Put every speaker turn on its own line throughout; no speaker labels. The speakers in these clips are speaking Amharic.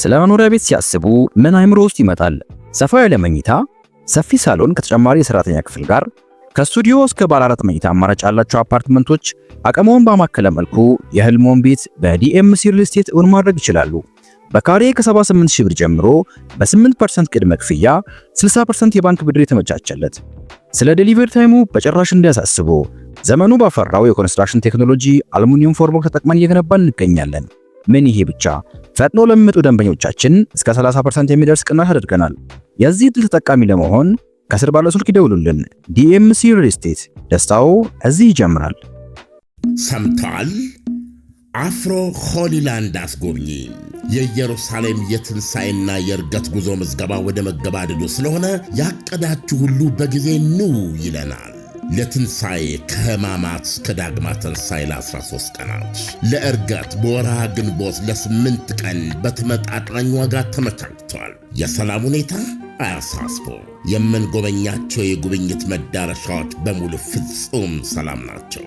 ስለ መኖሪያ ቤት ሲያስቡ ምን አይምሮ ውስጥ ይመጣል? ሰፋ ያለ መኝታ፣ ሰፊ ሳሎን ከተጨማሪ የሰራተኛ ክፍል ጋር ከስቱዲዮ እስከ ባለ አራት መኝታ አማራጭ ያላቸው አፓርትመንቶች አቅመውን ባማከለ መልኩ የህልሞን ቤት በዲኤምሲ ሪል ስቴት እውን ማድረግ ይችላሉ። በካሬ ከ78 ሺህ ብር ጀምሮ በ8% ቅድመ ክፍያ 60% የባንክ ብድር የተመቻቸለት። ስለ ዴሊቨሪ ታይሙ በጭራሽ እንዲያሳስቡ ዘመኑ ባፈራው የኮንስትራክሽን ቴክኖሎጂ አልሙኒየም ፎርሞክ ተጠቅመን እየገነባን እንገኛለን። ምን ይሄ ብቻ! ፈጥኖ ለሚመጡ ደንበኞቻችን እስከ 30% የሚደርስ ቅናሽ አድርገናል። የዚህ ዕድል ተጠቃሚ ለመሆን ከስር ባለው ስልክ ይደውሉልን። ዲኤምሲ ሪል ስቴት ደስታው እዚህ ይጀምራል።
ሰምተዋል። አፍሮ ሆሊላንድ አስጎብኚ የኢየሩሳሌም የትንሣኤና የእርገት ጉዞ ምዝገባ ወደ መገባደዱ ስለሆነ ያቀዳችሁ ሁሉ በጊዜ ኑ ይለናል። ለትንሣኤ ከህማማት እስከ ዳግማ ትንሣኤ ለ13 ቀናት ለእርገት በወርሃ ግንቦት ለስምንት ቀን በተመጣጣኝ ዋጋ ተመቻችቷል። የሰላም ሁኔታ አያሳስቦ የምንጎበኛቸው የጉብኝት መዳረሻዎች በሙሉ ፍጹም ሰላም ናቸው።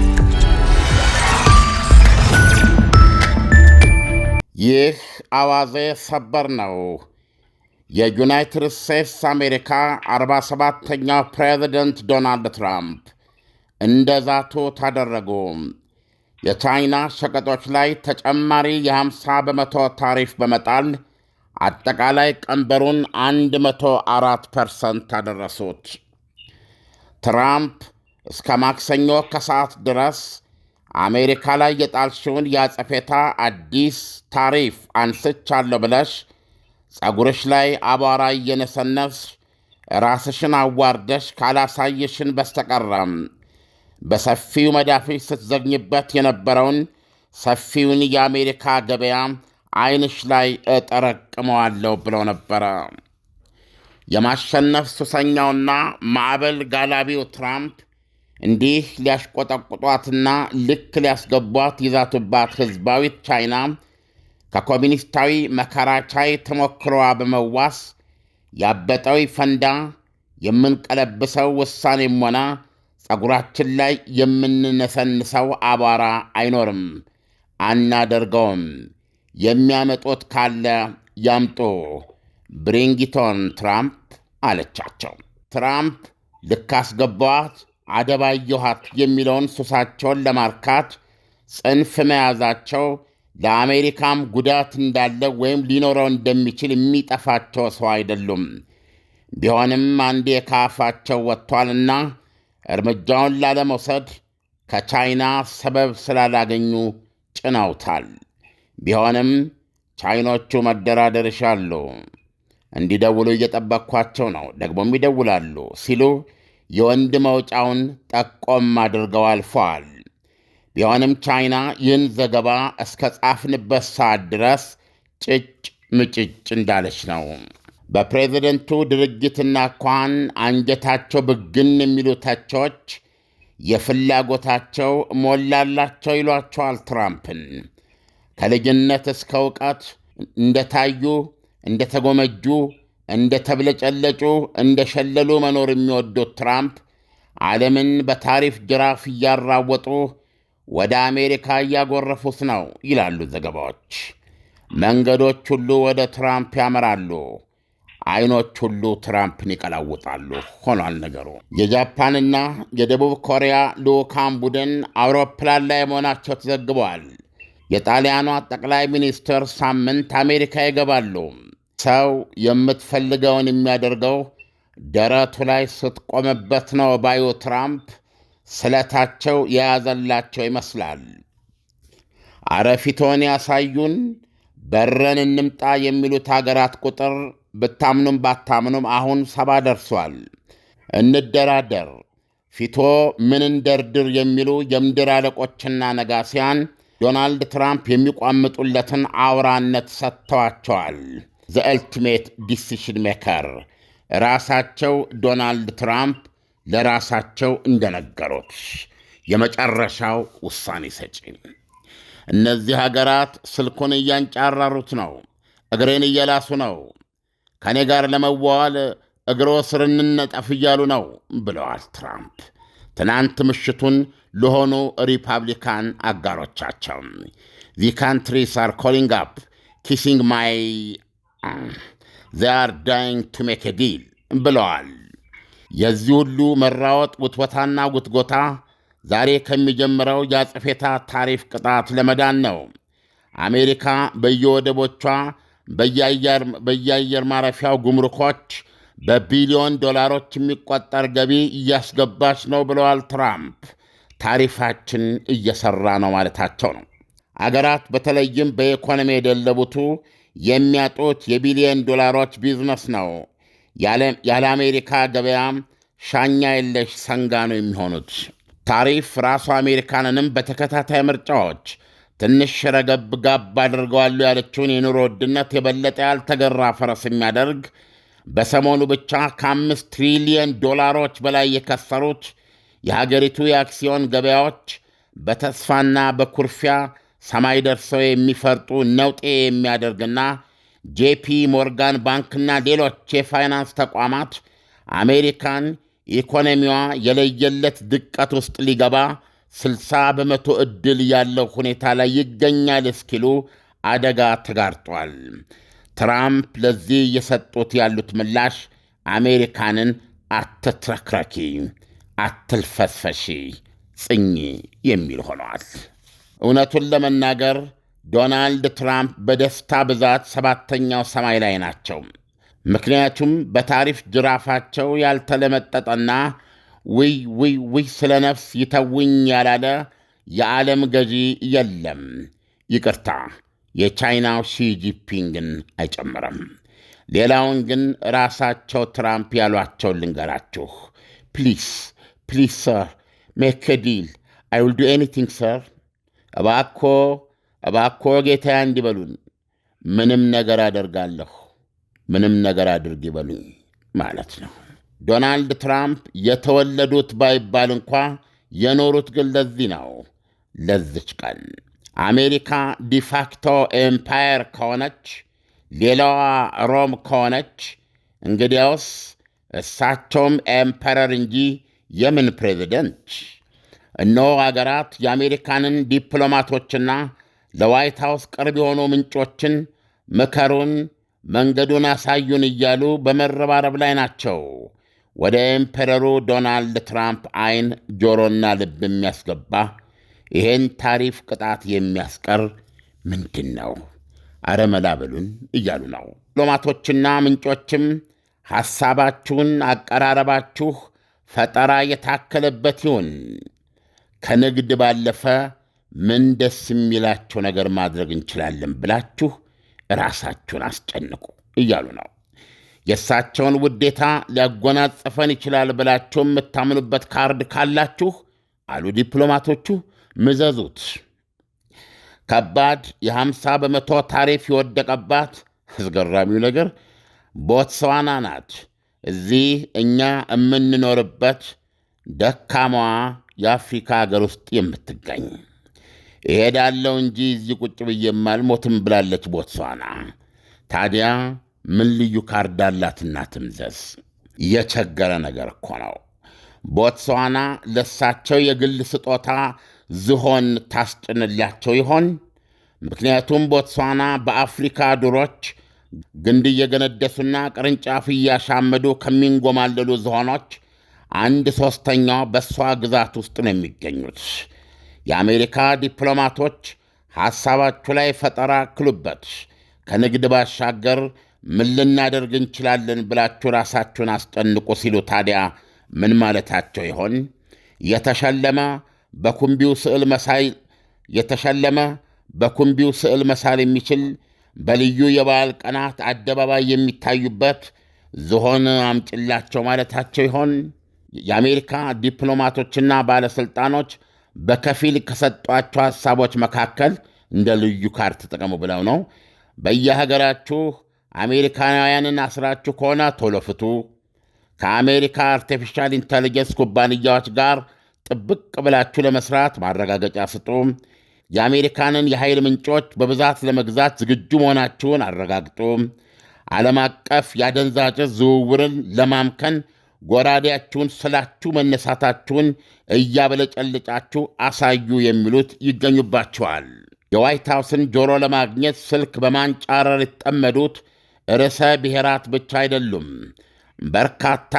ይህ አዋዜ ሰበር ነው። የዩናይትድ ስቴትስ አሜሪካ 47ተኛው ፕሬዚደንት ዶናልድ ትራምፕ እንደ ዛቱት ታደረጉ። የቻይና ሸቀጦች ላይ ተጨማሪ የ50 በመቶ ታሪፍ በመጣል አጠቃላይ ቀንበሩን 104 ፐርሰንት አደረሱት። ትራምፕ እስከ ማክሰኞ ከሰዓት ድረስ አሜሪካ ላይ የጣልሽውን የአጸፌታ አዲስ ታሪፍ አንስቻለሁ ብለሽ ጸጉርሽ ላይ አቧራ እየነሰነስሽ ራስሽን አዋርደሽ ካላሳየሽን በስተቀረም በሰፊው መዳፍሽ ስትዘግኝበት የነበረውን ሰፊውን የአሜሪካ ገበያ ዐይንሽ ላይ እጠረቅመዋለሁ ብለው ነበረ። የማሸነፍ ሱሰኛውና ማዕበል ጋላቢው ትራምፕ እንዲህ ሊያሽቆጠቁጧትና ልክ ሊያስገቧት ይዛቱባት ሕዝባዊት ቻይና ከኮሚኒስታዊ መከራቻይ ተሞክሮዋ በመዋስ ያበጠው ፈንዳ የምንቀለብሰው ውሳኔም ሆነ ጸጉራችን ላይ የምንነሰንሰው አቧራ አይኖርም። አናደርገውም። የሚያመጡት ካለ ያምጡ፣ ብሪንግቶን ትራምፕ አለቻቸው። ትራምፕ ልካስገባዋት አደባየኋት የሚለውን ሱሳቸውን ለማርካት ጽንፍ መያዛቸው ለአሜሪካም ጉዳት እንዳለ ወይም ሊኖረው እንደሚችል የሚጠፋቸው ሰው አይደሉም። ቢሆንም አንዴ ከአፋቸው ወጥቷልና እርምጃውን ላለመውሰድ ከቻይና ሰበብ ስላላገኙ ጭነውታል። ቢሆንም ቻይኖቹ መደራደር ይሻሉ። እንዲደውሉ እየጠበቅኳቸው ነው፣ ደግሞም ይደውላሉ ሲሉ የወንድ መውጫውን ጠቆም አድርገው አልፈዋል። ቢሆንም ቻይና ይህን ዘገባ እስከ ጻፍንበት ሰዓት ድረስ ጭጭ ምጭጭ እንዳለች ነው። በፕሬዝደንቱ ድርጅትና እንኳን አንጀታቸው ብግን የሚሉ ተቾች የፍላጎታቸው ሞላላቸው ይሏቸዋል ትራምፕን። ከልጅነት እስከ እውቀት እንደታዩ እንደተጎመጁ እንደ ተብለጨለጩ እንደ ሸለሉ መኖር የሚወዱት ትራምፕ ዓለምን በታሪፍ ጅራፍ እያራወጡ ወደ አሜሪካ እያጎረፉት ነው ይላሉ ዘገባዎች። መንገዶች ሁሉ ወደ ትራምፕ ያመራሉ፣ አይኖች ሁሉ ትራምፕን ይቀላውጣሉ ሆኗል ነገሩ። የጃፓንና የደቡብ ኮሪያ ልዑካን ቡድን አውሮፕላን ላይ መሆናቸው ተዘግበዋል። የጣሊያኗ ጠቅላይ ሚኒስትር ሳምንት አሜሪካ ይገባሉ። ሰው የምትፈልገውን የሚያደርገው ደረቱ ላይ ስትቆምበት ነው ባዩ ትራምፕ ስለታቸው የያዘላቸው ይመስላል። አረፊቶን ያሳዩን በረን እንምጣ የሚሉት አገራት ቁጥር ብታምኑም ባታምኑም አሁን ሰባ ደርሷል። እንደራደር፣ ፊቶ ምን እንደርድር የሚሉ የምድር አለቆችና ነጋሲያን ዶናልድ ትራምፕ የሚቋምጡለትን አውራነት ሰጥተዋቸዋል። ዘአልቲሜት ዲሲሽን ሜከር ራሳቸው ዶናልድ ትራምፕ ለራሳቸው እንደነገሩት የመጨረሻው ውሳኔ ሰጪ። እነዚህ ሀገራት ስልኩን እያንጫራሩት ነው። እግሬን እየላሱ ነው። ከእኔ ጋር ለመዋዋል እግሮ ስር እንነጠፍ እያሉ ነው ብለዋል ትራምፕ ትናንት ምሽቱን ለሆኑ ሪፐብሊካን አጋሮቻቸው ዚ ካንትሪስ አር ኮሊንግ አፕ ኪሲንግ ማይ ዘያር ዳይንግ ቱ ሜክ ዲል ብለዋል። የዚህ ሁሉ መራወጥ ውትወታና ጉትጎታ ዛሬ ከሚጀምረው የአጽፌታ ታሪፍ ቅጣት ለመዳን ነው። አሜሪካ በየወደቦቿ በየአየር ማረፊያው ጉምሩኮች በቢሊዮን ዶላሮች የሚቆጠር ገቢ እያስገባች ነው ብለዋል ትራምፕ። ታሪፋችን እየሰራ ነው ማለታቸው ነው። አገራት በተለይም በኢኮኖሚ የደለቡቱ የሚያጡት የቢሊዮን ዶላሮች ቢዝነስ ነው። ያለ አሜሪካ ገበያም ሻኛ የለሽ ሰንጋ ነው የሚሆኑት። ታሪፍ ራሷ አሜሪካንንም በተከታታይ ምርጫዎች ትንሽ ረገብ ጋብ አድርገዋሉ ያለችውን የኑሮ ውድነት የበለጠ ያልተገራ ፈረስ የሚያደርግ በሰሞኑ ብቻ ከአምስት ትሪሊየን ዶላሮች በላይ የከሰሩት የሀገሪቱ የአክሲዮን ገበያዎች በተስፋና በኩርፊያ ሰማይ ደርሰው የሚፈርጡ ነውጤ የሚያደርግና ጄፒ ሞርጋን ባንክና ሌሎች የፋይናንስ ተቋማት አሜሪካን ኢኮኖሚዋ የለየለት ድቀት ውስጥ ሊገባ 60 በመቶ ዕድል ያለው ሁኔታ ላይ ይገኛል እስኪሉ አደጋ ተጋርጧል። ትራምፕ ለዚህ እየሰጡት ያሉት ምላሽ አሜሪካንን አትትረክረኪ፣ አትልፈስፈሺ፣ ጽኚ የሚል ሆነዋል። እውነቱን ለመናገር ዶናልድ ትራምፕ በደስታ ብዛት ሰባተኛው ሰማይ ላይ ናቸው። ምክንያቱም በታሪፍ ጅራፋቸው ያልተለመጠጠና ውይ ውይ ውይ ስለ ነፍስ ይተውኝ ያላለ የዓለም ገዢ የለም። ይቅርታ የቻይናው ሺጂፒንግን አይጨምርም። ሌላውን ግን ራሳቸው ትራምፕ ያሏቸው ልንገራችሁ። ፕሊስ ፕሊስ ሰር ሜክ ዲል አይ ዱ ኤኒቲንግ ሰር እባኮ እባኮ ጌታ እንዲበሉን ምንም ነገር አደርጋለሁ ምንም ነገር አድርግ ይበሉኝ ማለት ነው። ዶናልድ ትራምፕ የተወለዱት ባይባል እንኳ የኖሩት ግን ለዚህ ነው፣ ለዝች ቀን አሜሪካ ዲፋክቶ ኤምፓየር ከሆነች ሌላዋ ሮም ከሆነች እንግዲያውስ እሳቸውም ኤምፐረር እንጂ የምን ፕሬዚደንት እነሆ አገራት የአሜሪካንን ዲፕሎማቶችና ለዋይት ሃውስ ቅርብ የሆኑ ምንጮችን ምከሩን፣ መንገዱን አሳዩን እያሉ በመረባረብ ላይ ናቸው። ወደ ኤምፐረሩ ዶናልድ ትራምፕ ዐይን ጆሮና ልብ የሚያስገባ ይሄን ታሪፍ ቅጣት የሚያስቀር ምንድን ነው? አረ መላ በሉን እያሉ ነው። ዲፕሎማቶችና ምንጮችም ሐሳባችሁን፣ አቀራረባችሁ ፈጠራ የታከለበት ይሁን ከንግድ ባለፈ ምን ደስ የሚላቸው ነገር ማድረግ እንችላለን ብላችሁ ራሳችሁን አስጨንቁ እያሉ ነው። የእሳቸውን ውዴታ ሊያጎናጸፈን ይችላል ብላችሁ የምታምኑበት ካርድ ካላችሁ አሉ ዲፕሎማቶቹ፣ ምዘዙት። ከባድ የ50 በመቶ ታሪፍ የወደቀባት አስገራሚው ነገር ቦትስዋና ናት። እዚህ እኛ የምንኖርበት ደካማዋ የአፍሪካ ሀገር ውስጥ የምትገኝ እሄዳለሁ እንጂ እዚህ ቁጭ ብዬም አልሞትም ብላለች ቦትሷና። ታዲያ ምን ልዩ ካርድ አላትና ትምዘዝ? የቸገረ ነገር እኮ ነው። ቦትስዋና ለሳቸው የግል ስጦታ ዝሆን ታስጭንላቸው ይሆን? ምክንያቱም ቦትስዋና በአፍሪካ ዱሮች ግንድ እየገነደሱና ቅርንጫፍ እያሻመዱ ከሚንጎማለሉ ዝሆኖች አንድ ሦስተኛው በእሷ ግዛት ውስጥ ነው የሚገኙት። የአሜሪካ ዲፕሎማቶች ሐሳባችሁ ላይ ፈጠራ ክሉበት። ከንግድ ባሻገር ምን ልናደርግ እንችላለን ብላችሁ ራሳችሁን አስጨንቁ ሲሉ ታዲያ ምን ማለታቸው ይሆን? የተሸለመ በኩምቢው ስዕል መሳይ የተሸለመ በኩምቢው ስዕል መሳል የሚችል በልዩ የበዓል ቀናት አደባባይ የሚታዩበት ዝሆን አምጭላቸው ማለታቸው ይሆን? የአሜሪካ ዲፕሎማቶችና ባለሥልጣኖች በከፊል ከሰጧቸው ሐሳቦች መካከል እንደ ልዩ ካርት ተጠቀሙ ብለው ነው። በየሀገራችሁ አሜሪካውያንን አስራችሁ ከሆነ ቶሎ ፍቱ። ከአሜሪካ አርቲፊሻል ኢንተሊጀንስ ኩባንያዎች ጋር ጥብቅ ብላችሁ ለመስራት ማረጋገጫ ስጡ። የአሜሪካንን የኃይል ምንጮች በብዛት ለመግዛት ዝግጁ መሆናችሁን አረጋግጡ። ዓለም አቀፍ የአደንዛዥ ዝውውርን ለማምከን ጎራዴያችሁን ስላችሁ መነሳታችሁን እያበለጨልጫችሁ አሳዩ የሚሉት ይገኙባችኋል። የዋይት ሃውስን ጆሮ ለማግኘት ስልክ በማንጫረር የተጠመዱት ርዕሰ ብሔራት ብቻ አይደሉም። በርካታ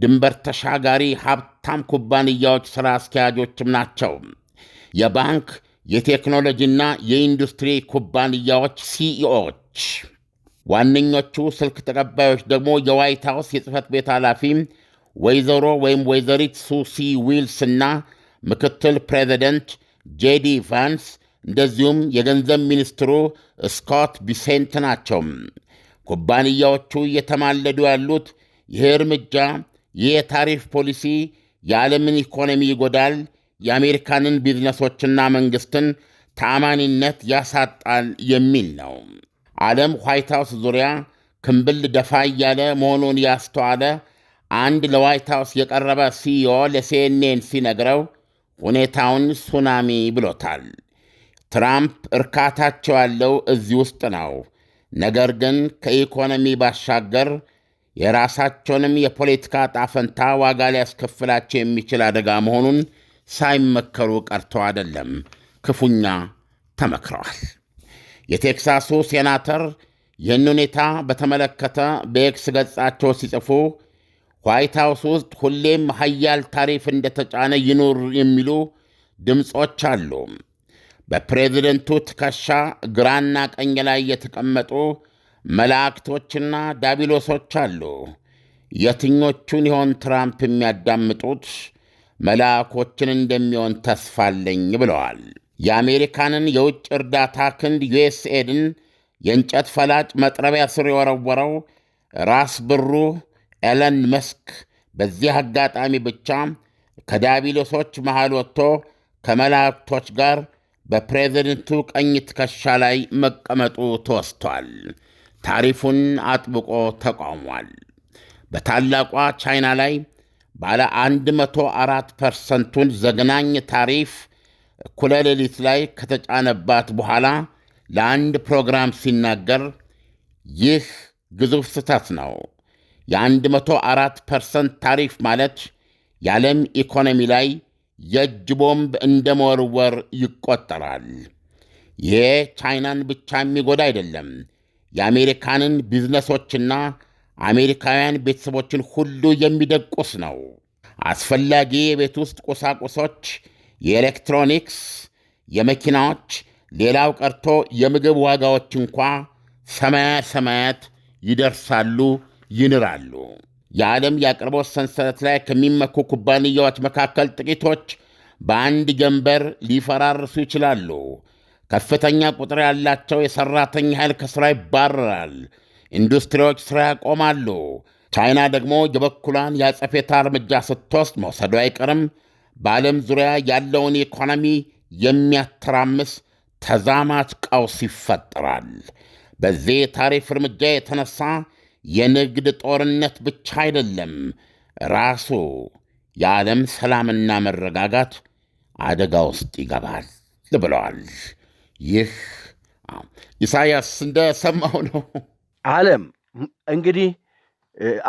ድንበር ተሻጋሪ ሀብታም ኩባንያዎች ሥራ አስኪያጆችም ናቸው። የባንክ የቴክኖሎጂና የኢንዱስትሪ ኩባንያዎች ሲኢኦዎች ዋነኞቹ ስልክ ተቀባዮች ደግሞ የዋይት ሀውስ የጽህፈት ቤት ኃላፊ ወይዘሮ ወይም ወይዘሪት ሱሲ ዊልስ እና ምክትል ፕሬዚደንት ጄዲ ቫንስ እንደዚሁም የገንዘብ ሚኒስትሩ ስኮት ቢሴንት ናቸው። ኩባንያዎቹ እየተማለዱ ያሉት ይህ እርምጃ፣ ይህ የታሪፍ ፖሊሲ የዓለምን ኢኮኖሚ ይጎዳል፣ የአሜሪካንን ቢዝነሶችና መንግሥትን ተአማኒነት ያሳጣል የሚል ነው። ዓለም ዋይት ሃውስ ዙሪያ ክንብል ደፋ እያለ መሆኑን ያስተዋለ አንድ ለዋይት ሃውስ የቀረበ ሲዮ ለሲኤንኤን ሲነግረው ሁኔታውን ሱናሚ ብሎታል። ትራምፕ እርካታቸው ያለው እዚህ ውስጥ ነው፣ ነገር ግን ከኢኮኖሚ ባሻገር የራሳቸውንም የፖለቲካ ጣፈንታ ዋጋ ሊያስከፍላቸው የሚችል አደጋ መሆኑን ሳይመከሩ ቀርተው አይደለም፣ ክፉኛ ተመክረዋል። የቴክሳሱ ሴናተር ይህን ሁኔታ በተመለከተ በኤክስ ገጻቸው ሲጽፉ ዋይት ሃውስ ውስጥ ሁሌም ሀያል ታሪፍ እንደተጫነ ይኑር የሚሉ ድምፆች አሉ። በፕሬዝደንቱ ትከሻ ግራና ቀኝ ላይ የተቀመጡ መላእክቶችና ዳቢሎሶች አሉ። የትኞቹን ይሆን ትራምፕ የሚያዳምጡት? መልአኮችን እንደሚሆን ተስፋለኝ ብለዋል። የአሜሪካንን የውጭ እርዳታ ክንድ ዩኤስኤድን የእንጨት ፈላጭ መጥረቢያ ስር የወረወረው ራስ ብሩ ኤለን መስክ በዚህ አጋጣሚ ብቻ ከዲያብሎሶች መሃል ወጥቶ ከመላእክቶች ጋር በፕሬዝደንቱ ቀኝ ትከሻ ላይ መቀመጡ ተወስቷል። ታሪፉን አጥብቆ ተቋሟል። በታላቋ ቻይና ላይ ባለ 104 ፐርሰንቱን ዘግናኝ ታሪፍ እኩለ ሌሊት ላይ ከተጫነባት በኋላ ለአንድ ፕሮግራም ሲናገር ይህ ግዙፍ ስህተት ነው። የ14% ፐርሰንት ታሪፍ ማለት የዓለም ኢኮኖሚ ላይ የእጅ ቦምብ እንደ መወርወር ይቆጠራል። ይሄ ቻይናን ብቻ የሚጎዳ አይደለም። የአሜሪካንን ቢዝነሶችና አሜሪካውያን ቤተሰቦችን ሁሉ የሚደቁስ ነው። አስፈላጊ የቤት ውስጥ ቁሳቁሶች የኤሌክትሮኒክስ፣ የመኪናዎች፣ ሌላው ቀርቶ የምግብ ዋጋዎች እንኳ ሰማያ ሰማያት ይደርሳሉ፣ ይንራሉ። የዓለም የአቅርቦት ሰንሰለት ላይ ከሚመኩ ኩባንያዎች መካከል ጥቂቶች በአንድ ጀንበር ሊፈራርሱ ይችላሉ። ከፍተኛ ቁጥር ያላቸው የሠራተኛ ኃይል ከሥራ ይባረራል። ኢንዱስትሪዎች ሥራ ያቆማሉ። ቻይና ደግሞ የበኩሏን የአጸፌታ እርምጃ ስትወስድ መውሰዱ አይቀርም። በዓለም ዙሪያ ያለውን ኢኮኖሚ የሚያተራምስ ተዛማች ቀውስ ይፈጠራል። በዚህ የታሪፍ እርምጃ የተነሳ የንግድ ጦርነት ብቻ አይደለም፣ ራሱ የዓለም ሰላምና መረጋጋት አደጋ ውስጥ ይገባል ብለዋል። ይህ ኢሳያስ እንደሰማው ነው።
ዓለም እንግዲህ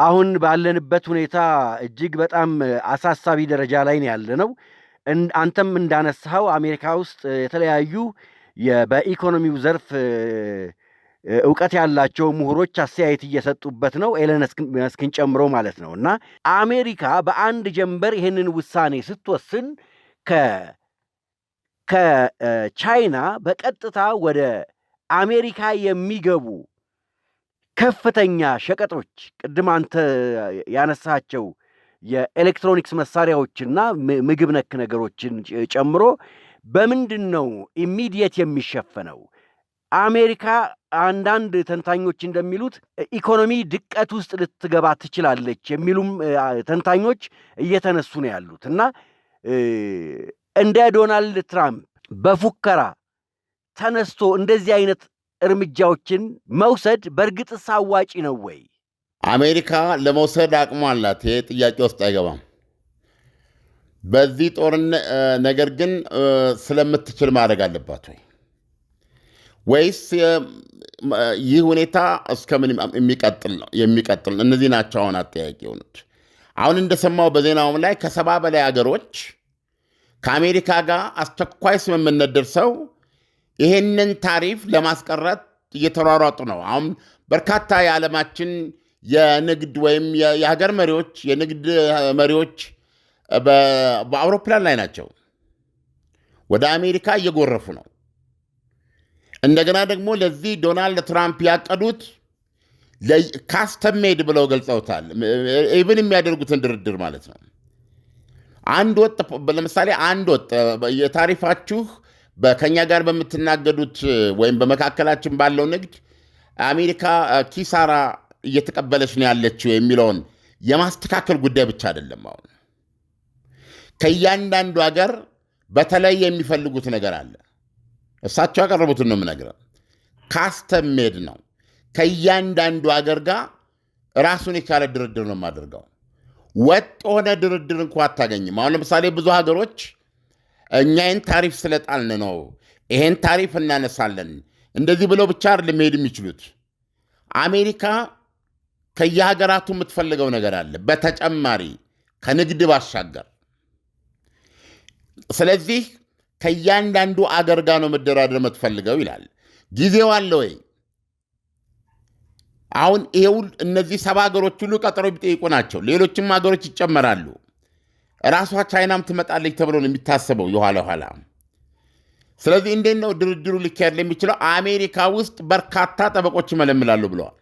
አሁን ባለንበት ሁኔታ እጅግ በጣም አሳሳቢ ደረጃ ላይ ነው ያለነው። አንተም እንዳነሳኸው አሜሪካ ውስጥ የተለያዩ በኢኮኖሚው ዘርፍ እውቀት ያላቸው ምሁሮች አስተያየት እየሰጡበት ነው፣ ኤለን መስክን ጨምሮ ማለት ነው። እና አሜሪካ በአንድ ጀንበር ይህንን ውሳኔ ስትወስን ከቻይና በቀጥታ ወደ አሜሪካ የሚገቡ ከፍተኛ ሸቀጦች ቅድም አንተ ያነሳቸው የኤሌክትሮኒክስ መሳሪያዎችና ምግብ ነክ ነገሮችን ጨምሮ በምንድን ነው ኢሚዲየት የሚሸፈነው? አሜሪካ አንዳንድ ተንታኞች እንደሚሉት ኢኮኖሚ ድቀት ውስጥ ልትገባ ትችላለች የሚሉም ተንታኞች እየተነሱ ነው ያሉት እና እንደ ዶናልድ ትራምፕ በፉከራ ተነስቶ እንደዚህ አይነት እርምጃዎችን መውሰድ በእርግጥ አዋጪ ነው ወይ?
አሜሪካ ለመውሰድ አቅሟ አላት። ይሄ ጥያቄ ውስጥ አይገባም። በዚህ ጦርነት ነገር ግን ስለምትችል ማድረግ አለባት ወይ ወይስ ይህ ሁኔታ እስከምን የሚቀጥል የሚቀጥል እነዚህ ናቸው አሁን አጠያቂ የሆኑት። አሁን እንደሰማው በዜናውም ላይ ከሰባ በላይ አገሮች ከአሜሪካ ጋር አስቸኳይ ስምምነት ደርሰው ይሄንን ታሪፍ ለማስቀረት እየተሯሯጡ ነው። አሁን በርካታ የዓለማችን የንግድ ወይም የሀገር መሪዎች የንግድ መሪዎች በአውሮፕላን ላይ ናቸው። ወደ አሜሪካ እየጎረፉ ነው። እንደገና ደግሞ ለዚህ ዶናልድ ትራምፕ ያቀዱት ካስተም ሜድ ብለው ገልጸውታል። ኢቭን የሚያደርጉትን ድርድር ማለት ነው። አንድ ወጥ ለምሳሌ አንድ ወጥ የታሪፋችሁ ከእኛ ጋር በምትናገዱት ወይም በመካከላችን ባለው ንግድ አሜሪካ ኪሳራ እየተቀበለች ነው ያለችው የሚለውን የማስተካከል ጉዳይ ብቻ አይደለም። አሁን ከእያንዳንዱ ሀገር በተለይ የሚፈልጉት ነገር አለ። እሳቸው ያቀረቡትን ነው የምነግረው። ካስተም ሜድ ነው። ከእያንዳንዱ ሀገር ጋር ራሱን የቻለ ድርድር ነው የማደርገው። ወጥ የሆነ ድርድር እንኳ አታገኝም። አሁን ለምሳሌ ብዙ ሀገሮች እኛ ይህን ታሪፍ ስለጣልን ነው። ይሄን ታሪፍ እናነሳለን። እንደዚህ ብለው ብቻ አይደለም የሚችሉት። አሜሪካ ከየሀገራቱ የምትፈልገው ነገር አለ በተጨማሪ ከንግድ ባሻገር። ስለዚህ ከእያንዳንዱ አገር ጋር ነው መደራደር የምትፈልገው ይላል። ጊዜው አለ ወይ? አሁን ይሄው እነዚህ ሰባ ሀገሮች ሁሉ ቀጠሮ ቢጠይቁ ናቸው። ሌሎችም ሀገሮች ይጨመራሉ። ራሷ ቻይናም ትመጣለች ተብሎ ነው የሚታሰበው የኋላ ኋላ። ስለዚህ እንዴት ነው ድርድሩ ሊካሄድ የሚችለው? አሜሪካ ውስጥ በርካታ ጠበቆች ይመለምላሉ ብለዋል።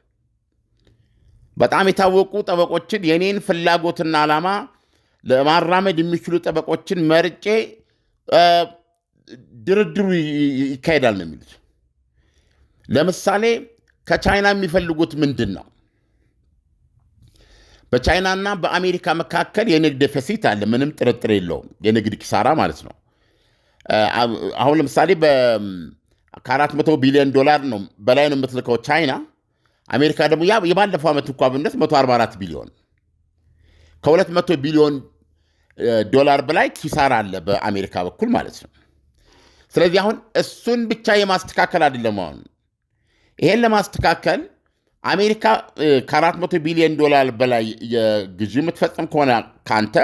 በጣም የታወቁ ጠበቆችን የኔን ፍላጎትና ዓላማ ለማራመድ የሚችሉ ጠበቆችን መርጬ ድርድሩ ይካሄዳል ነው የሚሉት። ለምሳሌ ከቻይና የሚፈልጉት ምንድን ነው? በቻይናና በአሜሪካ መካከል የንግድ ፈሲት አለ። ምንም ጥርጥር የለውም። የንግድ ኪሳራ ማለት ነው። አሁን ለምሳሌ ከ400 ቢሊዮን ዶላር ነው በላይ ነው የምትልከው ቻይና። አሜሪካ ደግሞ የባለፈው ዓመት እንኳ ብነት 144 ቢሊዮን ከ200 ቢሊዮን ዶላር በላይ ኪሳራ አለ በአሜሪካ በኩል ማለት ነው። ስለዚህ አሁን እሱን ብቻ የማስተካከል አይደለም። አሁን ይሄን ለማስተካከል አሜሪካ ከ400 ቢሊዮን ዶላር በላይ ግዥ የምትፈጽም ከሆነ ካንተ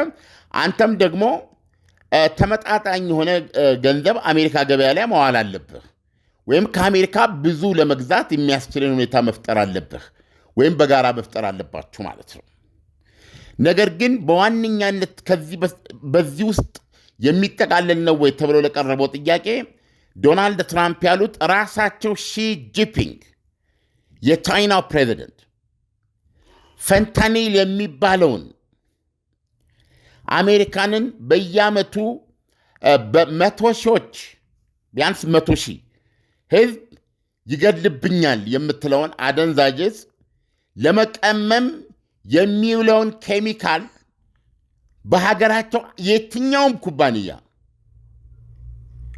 አንተም ደግሞ ተመጣጣኝ የሆነ ገንዘብ አሜሪካ ገበያ ላይ መዋል አለብህ፣ ወይም ከአሜሪካ ብዙ ለመግዛት የሚያስችልን ሁኔታ መፍጠር አለብህ፣ ወይም በጋራ መፍጠር አለባችሁ ማለት ነው። ነገር ግን በዋነኛነት በዚህ ውስጥ የሚጠቃለል ነው ወይ ተብሎ ለቀረበው ጥያቄ ዶናልድ ትራምፕ ያሉት ራሳቸው ሺ ጂፒንግ የቻይና ፕሬዚደንት ፈንታኒል የሚባለውን አሜሪካንን በየአመቱ በመቶ ሺዎች ቢያንስ መቶ ሺህ ህዝብ ይገድልብኛል የምትለውን አደንዛዥ ለመቀመም የሚውለውን ኬሚካል በሀገራቸው የትኛውም ኩባንያ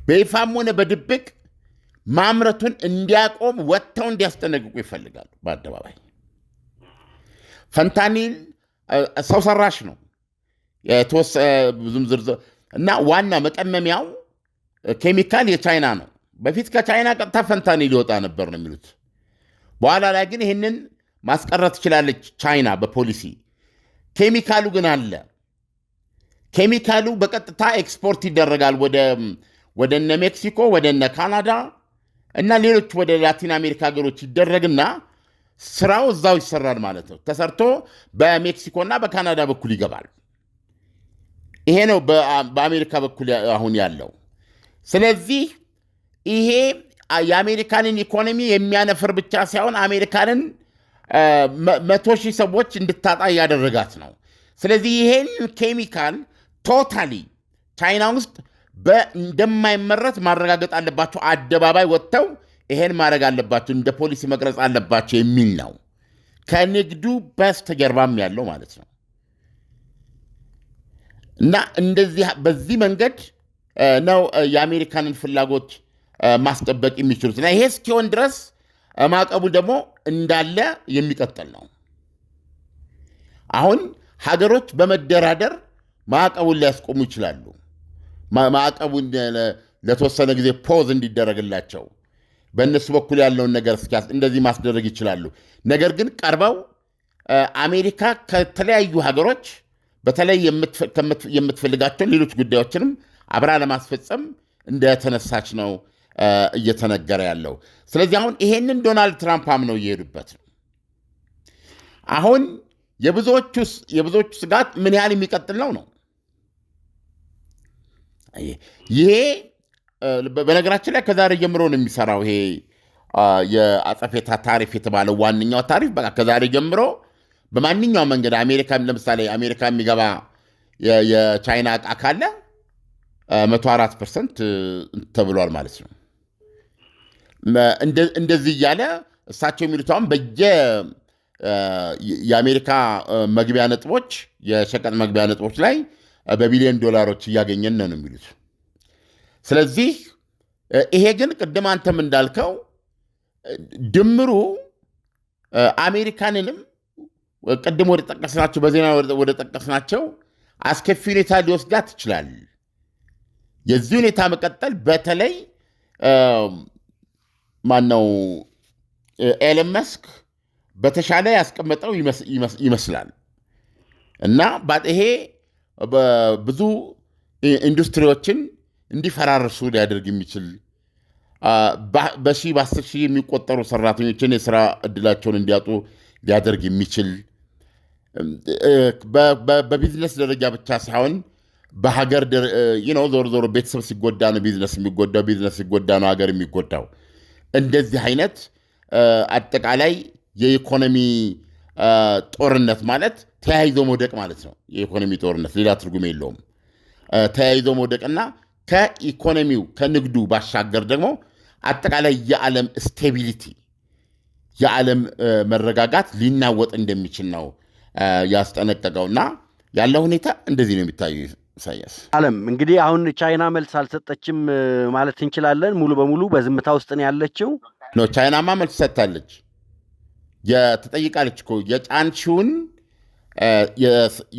በይፋም ሆነ በድብቅ ማምረቱን እንዲያቆም ወጥተው እንዲያስጠነቅቁ ይፈልጋሉ። በአደባባይ ፈንታኒል ሰው ሰራሽ ነው ብዙም ዝርዝር እና ዋና መጠመሚያው ኬሚካል የቻይና ነው። በፊት ከቻይና ቀጥታ ፈንታኒል ሊወጣ ነበር ነው የሚሉት። በኋላ ላይ ግን ይህንን ማስቀረት ትችላለች ቻይና በፖሊሲ ኬሚካሉ ግን አለ። ኬሚካሉ በቀጥታ ኤክስፖርት ይደረጋል ወደ ወደነ ሜክሲኮ፣ ወደነ ካናዳ እና ሌሎች ወደ ላቲን አሜሪካ ሀገሮች ይደረግና ስራው እዛው ይሰራል ማለት ነው። ተሰርቶ በሜክሲኮና በካናዳ በኩል ይገባል። ይሄ ነው በአሜሪካ በኩል አሁን ያለው። ስለዚህ ይሄ የአሜሪካንን ኢኮኖሚ የሚያነፍር ብቻ ሳይሆን አሜሪካንን መቶ ሺህ ሰዎች እንድታጣ እያደረጋት ነው። ስለዚህ ይሄን ኬሚካል ቶታሊ ቻይና ውስጥ እንደማይመረት ማረጋገጥ አለባቸው። አደባባይ ወጥተው ይሄን ማድረግ አለባቸው፣ እንደ ፖሊሲ መቅረጽ አለባቸው የሚል ነው። ከንግዱ በስተጀርባም ያለው ማለት ነው እና እንደዚህ በዚህ መንገድ ነው የአሜሪካንን ፍላጎት ማስጠበቅ የሚችሉት እና ይሄ እስኪሆን ድረስ ማዕቀቡ ደግሞ እንዳለ የሚቀጥል ነው። አሁን ሀገሮች በመደራደር ማዕቀቡን ሊያስቆሙ ይችላሉ። ማዕቀቡ ለተወሰነ ጊዜ ፖዝ እንዲደረግላቸው በእነሱ በኩል ያለውን ነገር እስኪያስ እንደዚህ ማስደረግ ይችላሉ። ነገር ግን ቀርበው አሜሪካ ከተለያዩ ሀገሮች በተለይ የምትፈልጋቸው ሌሎች ጉዳዮችንም አብራ ለማስፈጸም እንደተነሳች ነው እየተነገረ ያለው። ስለዚህ አሁን ይሄንን ዶናልድ ትራምፕ ነው እየሄዱበት ነው። አሁን የብዙዎቹ ስጋት ምን ያህል የሚቀጥል ነው ነው ይሄ በነገራችን ላይ ከዛሬ ጀምሮ ነው የሚሰራው። ይሄ የአጸፌታ ታሪፍ የተባለው ዋነኛው ታሪፍ በቃ ከዛሬ ጀምሮ በማንኛውም መንገድ አሜሪካ ለምሳሌ አሜሪካ የሚገባ የቻይና እቃ ካለ 104 ፐርሰንት ተብሏል ማለት ነው። እንደዚህ እያለ እሳቸው የሚሉት አሁን በየ የአሜሪካ መግቢያ ነጥቦች የሸቀጥ መግቢያ ነጥቦች ላይ በቢሊዮን ዶላሮች እያገኘን ነው የሚሉት። ስለዚህ ይሄ ግን ቅድም አንተም እንዳልከው ድምሩ አሜሪካንንም ቅድም ወደ ጠቀስናቸው በዜና ወደ ጠቀስናቸው አስከፊ ሁኔታ ሊወስዳት ይችላል። የዚህ ሁኔታ መቀጠል በተለይ ማነው ኤለን መስክ በተሻለ ያስቀመጠው ይመስላል እና ይሄ ብዙ ኢንዱስትሪዎችን እንዲፈራርሱ ሊያደርግ የሚችል በሺህ በአስር ሺህ የሚቆጠሩ ሰራተኞችን የስራ እድላቸውን እንዲያጡ ሊያደርግ የሚችል በቢዝነስ ደረጃ ብቻ ሳይሆን በሀገር ነው። ዞሮ ዞሮ ቤተሰብ ሲጎዳ ነው ቢዝነስ የሚጎዳው፣ ቢዝነስ ሲጎዳ ነው ሀገር የሚጎዳው። እንደዚህ አይነት አጠቃላይ የኢኮኖሚ ጦርነት ማለት ተያይዞ መውደቅ ማለት ነው። የኢኮኖሚ ጦርነት ሌላ ትርጉም የለውም። ተያይዞ መውደቅና ከኢኮኖሚው ከንግዱ ባሻገር ደግሞ አጠቃላይ የዓለም ስቴቢሊቲ የዓለም መረጋጋት ሊናወጥ እንደሚችል ነው ያስጠነቀቀው እና ያለ ሁኔታ እንደዚህ ነው የሚታዩ ኢሳያስ
አለም እንግዲህ አሁን ቻይና መልስ አልሰጠችም ማለት እንችላለን። ሙሉ በሙሉ በዝምታ ውስጥ ነው ያለችው።
ቻይናማ መልስ ሰጥታለች። የተጠይቃለች እኮ የጫንቺውን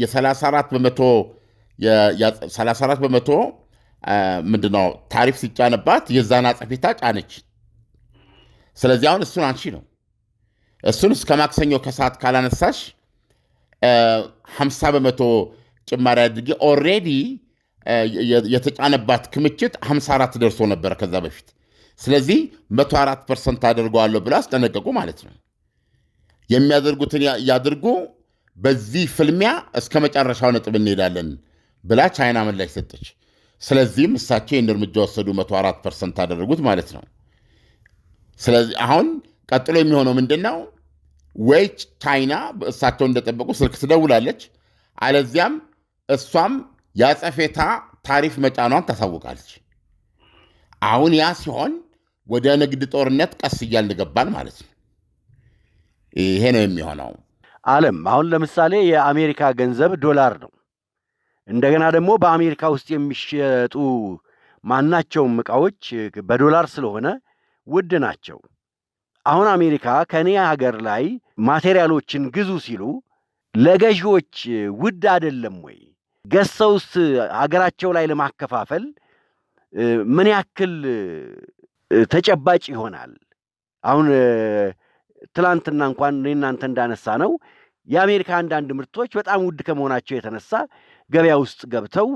የ34 በመቶ ምንድነው ታሪፍ ሲጫንባት የዛን አጸፌታ ጫነች። ስለዚህ አሁን እሱን አንቺ ነው እሱን እስከ ማክሰኞ ከሰዓት ካላነሳሽ 50 በመቶ ጭማሪ አድርጌ ኦልሬዲ የተጫነባት ክምችት 54 ደርሶ ነበረ ከዛ በፊት። ስለዚህ 104 ፐርሰንት አደርገዋለሁ ብላ አስጠነቀቁ ማለት ነው። የሚያደርጉትን ያድርጉ፣ በዚህ ፍልሚያ እስከ መጨረሻው ነጥብ እንሄዳለን ብላ ቻይና ምላሽ ሰጠች። ስለዚህም እሳቸው ይህን እርምጃ ወሰዱ። 14 ፐርሰንት አደረጉት ማለት ነው። ስለዚህ አሁን ቀጥሎ የሚሆነው ምንድን ነው? ወይ ቻይና እሳቸው እንደጠበቁ ስልክ ትደውላለች፣ አለዚያም እሷም የአጸፌታ ታሪፍ መጫኗን ታሳውቃለች። አሁን ያ ሲሆን ወደ ንግድ ጦርነት ቀስ እያልን ገባን ማለት ነው። ይሄ ነው የሚሆነው።
አለም አሁን ለምሳሌ የአሜሪካ ገንዘብ ዶላር ነው። እንደገና ደግሞ በአሜሪካ ውስጥ የሚሸጡ ማናቸውም እቃዎች በዶላር ስለሆነ ውድ ናቸው። አሁን አሜሪካ ከእኔ ሀገር ላይ ማቴሪያሎችን ግዙ ሲሉ ለገዢዎች ውድ አይደለም ወይ? ገዝተውስ ሀገራቸው ላይ ለማከፋፈል ምን ያክል ተጨባጭ ይሆናል? አሁን ትላንትና እንኳን እናንተ እንዳነሳ ነው የአሜሪካ አንዳንድ ምርቶች በጣም ውድ ከመሆናቸው የተነሳ ገበያ ውስጥ ገብተው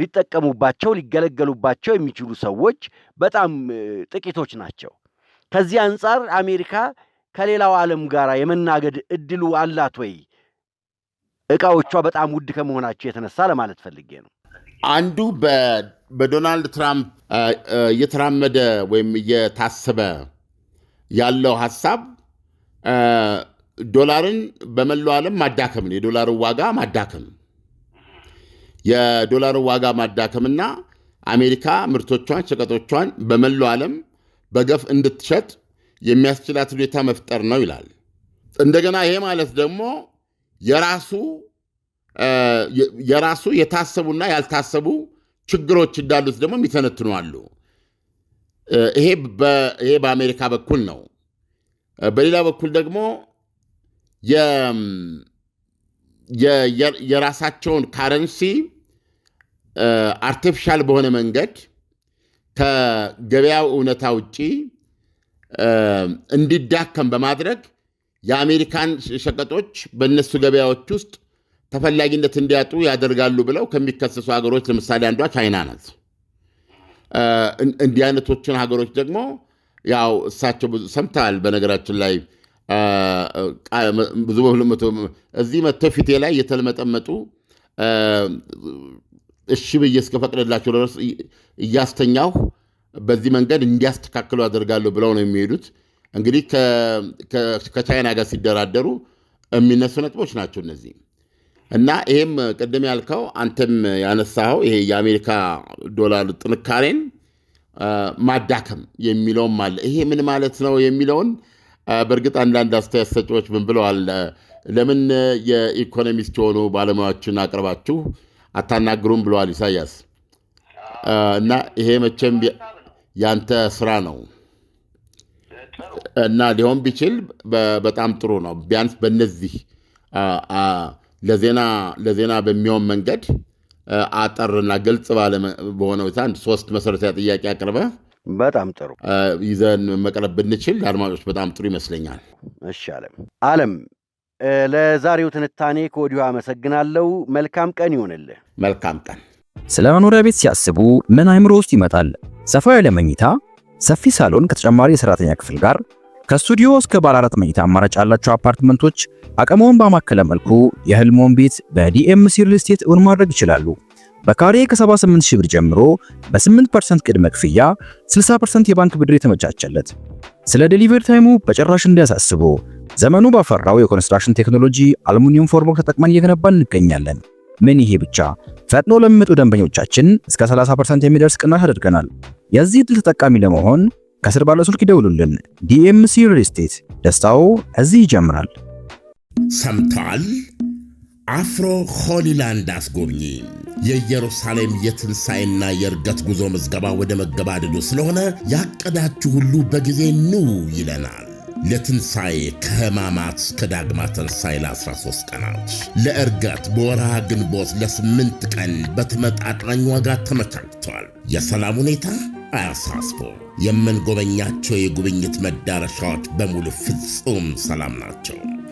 ሊጠቀሙባቸው ሊገለገሉባቸው የሚችሉ ሰዎች በጣም ጥቂቶች ናቸው። ከዚህ አንጻር አሜሪካ ከሌላው ዓለም ጋር የመናገድ እድሉ አላት ወይ? እቃዎቿ በጣም ውድ ከመሆናቸው የተነሳ ለማለት ፈልጌ ነው።
አንዱ በዶናልድ ትራምፕ እየተራመደ ወይም እየታሰበ ያለው ሀሳብ ዶላርን በመላው ዓለም ማዳከም ነው። የዶላር ዋጋ ማዳከም የዶላር ዋጋ ማዳከምና አሜሪካ ምርቶቿን፣ ሸቀጦቿን በመላው ዓለም በገፍ እንድትሸጥ የሚያስችላት ሁኔታ መፍጠር ነው ይላል። እንደገና ይሄ ማለት ደግሞ የራሱ የራሱ የታሰቡና ያልታሰቡ ችግሮች እንዳሉት ደግሞ የሚተነትኑ አሉ። ይሄ በአሜሪካ በኩል ነው። በሌላ በኩል ደግሞ የራሳቸውን ካረንሲ አርቲፊሻል በሆነ መንገድ ከገበያው እውነታ ውጪ እንዲዳከም በማድረግ የአሜሪካን ሸቀጦች በእነሱ ገበያዎች ውስጥ ተፈላጊነት እንዲያጡ ያደርጋሉ ብለው ከሚከሰሱ ሀገሮች ለምሳሌ አንዷ ቻይና ናት። እንዲህ አይነቶችን ሀገሮች ደግሞ ያው እሳቸው ሰምተሃል። በነገራችን ላይ ብዙ እዚህ መጥተው ፊቴ ላይ እየተለመጠመጡ እሺ ብዬ እስከፈቅደላቸው ድረስ እያስተኛሁ በዚህ መንገድ እንዲያስተካክሉ አደርጋለሁ ብለው ነው የሚሄዱት። እንግዲህ ከቻይና ጋር ሲደራደሩ የሚነሱ ነጥቦች ናቸው እነዚህ። እና ይህም ቅድም ያልከው አንተም ያነሳኸው ይሄ የአሜሪካ ዶላር ጥንካሬን ማዳከም የሚለውም አለ። ይሄ ምን ማለት ነው የሚለውን በእርግጥ አንዳንድ አስተያየት ሰጪዎች ምን ብለዋል፣ ለምን የኢኮኖሚስት የሆኑ ባለሙያዎችን አቅርባችሁ አታናግሩም ብለዋል ኢሳያስ። እና ይሄ መቼም ያንተ ስራ ነው እና ሊሆን ቢችል በጣም ጥሩ ነው ቢያንስ በነዚህ ለዜና በሚሆን መንገድ አጠርና ግልጽ ባለ በሆነ ሁኔታ አንድ ሶስት መሰረታዊ ጥያቄ አቅርበ በጣም ጥሩ ይዘን መቅረብ ብንችል ለአድማጮች በጣም ጥሩ ይመስለኛል።
እሺ አለም አለም ለዛሬው ትንታኔ ከወዲሁ አመሰግናለሁ። መልካም ቀን ይሆንልህ።
መልካም ቀን።
ስለ መኖሪያ ቤት ሲያስቡ ምን አይምሮ ውስጥ ይመጣል? ሰፋ ያለ መኝታ፣ ሰፊ ሳሎን ከተጨማሪ የሰራተኛ ክፍል ጋር ከስቱዲዮ እስከ ባለ አራት መኝታ አማራጭ ያላቸው አፓርትመንቶች አቅመውን ባማከለ መልኩ የህልሞን ቤት በዲኤምሲ ሪል ስቴት እውን ማድረግ ይችላሉ። በካሬ ከ78 ሺህ ብር ጀምሮ በ8% ቅድመ ክፍያ 60% የባንክ ብድር የተመቻቸለት። ስለ ዴሊቨሪ ታይሙ በጭራሽ እንዲያሳስቡ ዘመኑ ባፈራው የኮንስትራክሽን ቴክኖሎጂ አልሙኒየም ፎርሞክ ተጠቅመን እየገነባ እንገኛለን። ምን ይሄ ብቻ! ፈጥኖ ለሚመጡ ደንበኞቻችን እስከ 30% የሚደርስ ቅናሽ አድርገናል። የዚህ ዕድል ተጠቃሚ ለመሆን ከስር ባለው ስልክ ይደውሉልን። ዲኤምሲ ሪል ስቴት ደስታው እዚህ ይጀምራል።
ሰምተዋል? አፍሮ ሆሊላንድ አስጎብኚ የኢየሩሳሌም የትንሣኤና የእርገት ጉዞ ምዝገባ ወደ መገባደዱ ስለሆነ ያቀዳችሁ ሁሉ በጊዜ ኑ ይለናል። ለትንሣኤ ከህማማት እስከ ዳግማ ትንሣኤ ለ13 ቀናት ለእርገት በወርሃ ግንቦት ለስምንት ቀን በተመጣጣኝ ዋጋ ተመቻችተዋል። የሰላም ሁኔታ አያሳስቦ የምንጎበኛቸው የጉብኝት መዳረሻዎች በሙሉ ፍጹም ሰላም ናቸው።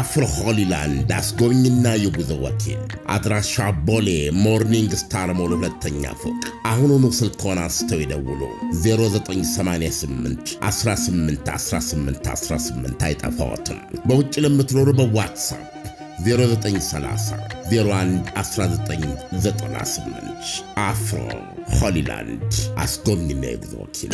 አፍሮ ሆሊላንድ አስጎብኝና የጉዞ ወኪል አድራሻ ቦሌ ሞርኒንግ ስታር ሞል ሁለተኛ ፎቅ። አሁኑኑ ስልክዎን አንስተው ይደውሉ። 0988 18 1818 አይጠፋዎትም። በውጭ ለምትኖሩ በዋትሳፕ 0930 01 1998 አፍሮ ሆሊላንድ አስጎብኝና የጉዞ ወኪል